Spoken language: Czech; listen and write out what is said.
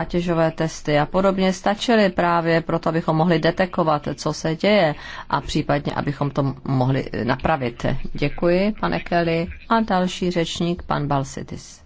zátěžové testy a podobně stačily právě proto, abychom mohli detekovat, co se děje a případně, abychom to mohli napravit. Děkuji, pane Kelly. A další řečník, pan Balsitis.